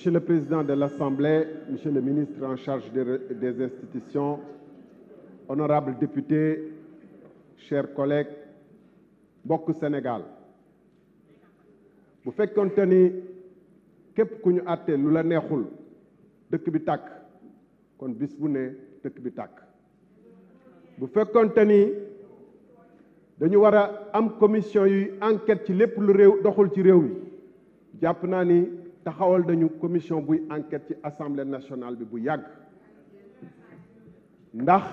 Monsieur le Président de l'Assemblée, Monsieur le ministre en charge des institutions, honorables députés, chers collègues, bokk Sénégal bu fekkonte ni képp ku ñu àtte lu la neexul dëkk bi tàkk kon bis bu ne dëkk bi tàkk bu fekkonte ni dañu war a am commission yuy enquête ci lépp lu réew doxul ci réew mi jàpp naa ni taxawal dañu commission buy enquête ci assemblée nationale bi bu yàgg ndax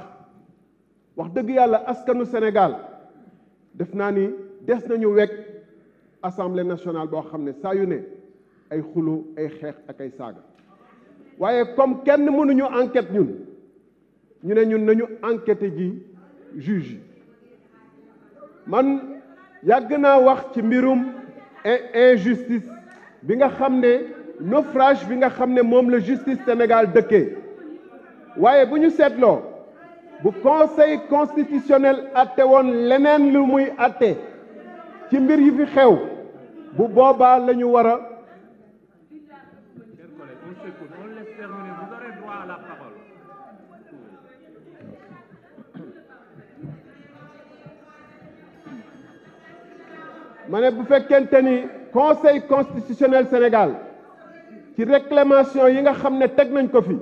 wax dëgg yàlla askanu Sénégal def naa ni des nañu wekk assemblée nationale boo xam ne saa yu ne ay xuloo ay xeex ak ay saaga waaye comme kenn mënuñu enquête ñun ñu ne ñun nañu enquête ji juge yi man yàgg naa wax ci mbirum injustice bi nga xam ne naufrage bi nga xam ne moom la justice Sénégal dëkkee waaye bu ñu seetloo bu conseil constitutionnel atte woon leneen lu muy atte ci mbir yi fi xew bu boobaa la ñu war a ma ne bu fekkente ni conseil constitutionnel Sénégal ci réclamation yi nga xam ne teg nañ ko fi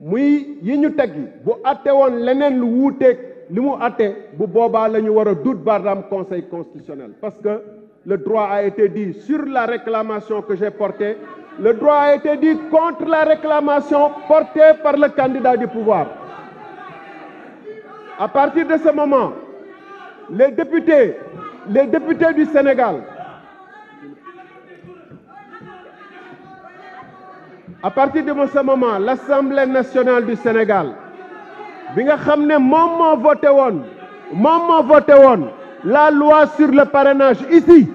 muy yi ñu teg bu atte woon leneen lu wuuteeg li mu atte bu boobaa la ñu war a dut baaraam conseil constitutionnel parce que le droit a été dit sur la réclamation que j'ai portée le droit a été dit contre la réclamation portée par le candidat du pouvoir à partir de ce moment les députés les députés du Sénégal à partir de ce moment l'Assemblée nationale du Sénégal bi nga xam ne moom moo voté woon moom moo voté woon la loi sur le parrainage ici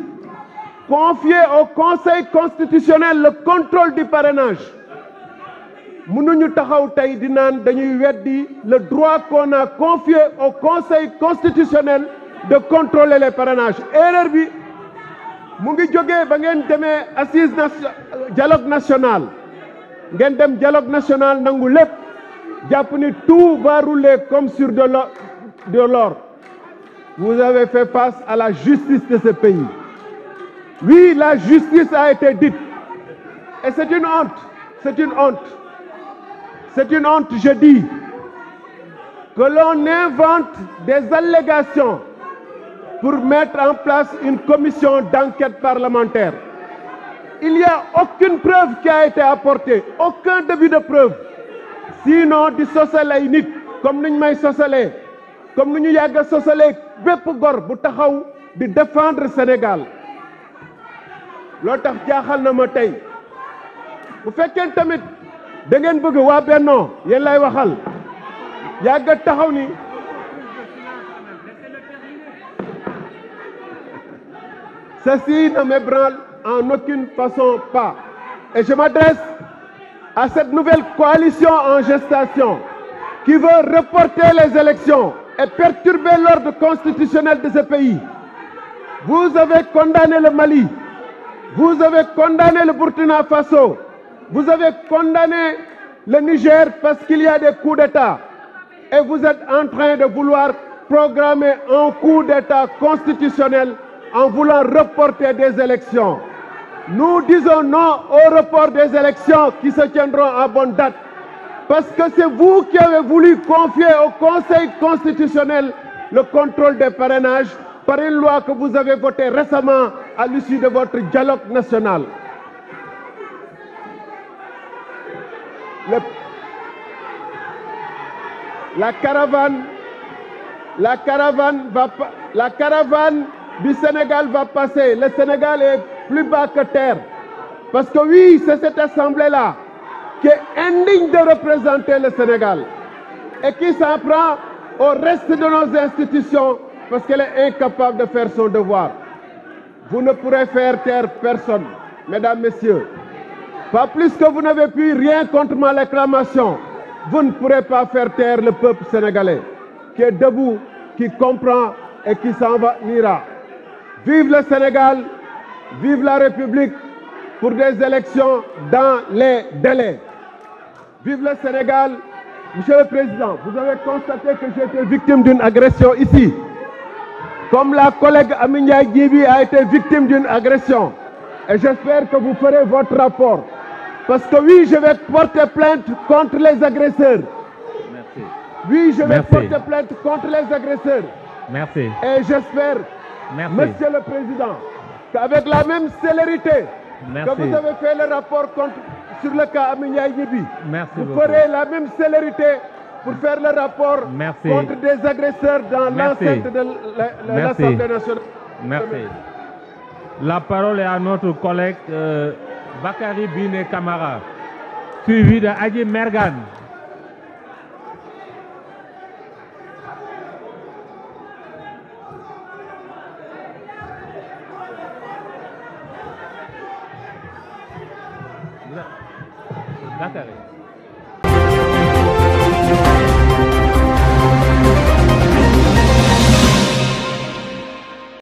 confier au Conseil constitutionnel le contrôle du parrainage mënuñu taxaw tey di naan dañuy di le droit qu'on a confié au Conseil constitutionnel de contrôler les parrainages erreur bi mu ngi jógee ba ngeen demee assise dialogue national ngeen dem dialogue nationale nangu lépp jàpp ni tout va rouler comme sur de l'or vous avez fait face à la justice de ce pays oui la justice a été dite et c'est une honte c'est une honte c'est une honte je dis que l'on invente des allégations pour mettre en place une commission d'enquête parlementaire il n'y a aucune preuve qui a été apportée aucun début de preuve sinon di sosal ay nit comme ni may sosalee comme ni ñu yàgg a sosalee bépp gor bu taxaw di défendre Sénégal loo tax jaaxal na ma tey bu fekkee tamit da ngeen bëgg waa Bennoo yéen lay waxal yàgg taxaw ni ceci ne m'ébranle en aucune façon pas. Et je m'adresse à cette nouvelle coalition en gestation qui veut reporter les élections et perturber l'ordre constitutionnel de ce pays. Vous avez condamné le Mali, vous avez condamné le Burkina Faso, vous avez condamné le Niger parce qu'il y a des coups d'État. Et vous êtes en train de vouloir programmer un coup d'État constitutionnel en voulant reporter des élections. Nous disons non au report des élections qui se tiendront à bonne date. Parce que c'est vous qui avez voulu confier au Conseil constitutionnel le contrôle des parrainages par une loi que vous avez votée récemment à l'issue de votre dialogue national. La caravane, du Sénégal va passer. Le Sénégal est plus bas que terre. Parce que oui, c'est cette assemblée-là qui est indigne de représenter le Sénégal et qui s'en prend au reste de nos institutions parce qu'elle est incapable de faire son devoir. Vous ne pourrez faire taire personne, mesdames, messieurs. Pas plus que vous n'avez pu rien contre ma réclamation, vous ne pourrez pas faire taire le peuple sénégalais qui est debout, qui comprend et qui s'en va, ira. Vive le Sénégal! Vive la République pour des élections dans les délais. Vive le Sénégal. Monsieur le Président, vous avez constaté que j'étais victime d'une agression ici. Comme la collègue Aminia Gibi a été victime d'une agression. Et j'espère que vous ferez votre rapport. Parce que oui, je vais porter plainte contre les agresseurs. Oui, je vais porter plainte contre les agresseurs. Et j'espère, Monsieur le Président, qu'avec la même célérité Merci. que vous avez fait le rapport contre, sur le cas Aminia Yibi, vous beaucoup. ferez la même célérité pour faire le rapport Merci. contre des agresseurs dans l'enceinte de l'Assemblée nationale. La parole est à notre collègue euh, Bakari Bine Kamara, suivi de Adi Mergan. Dakar yi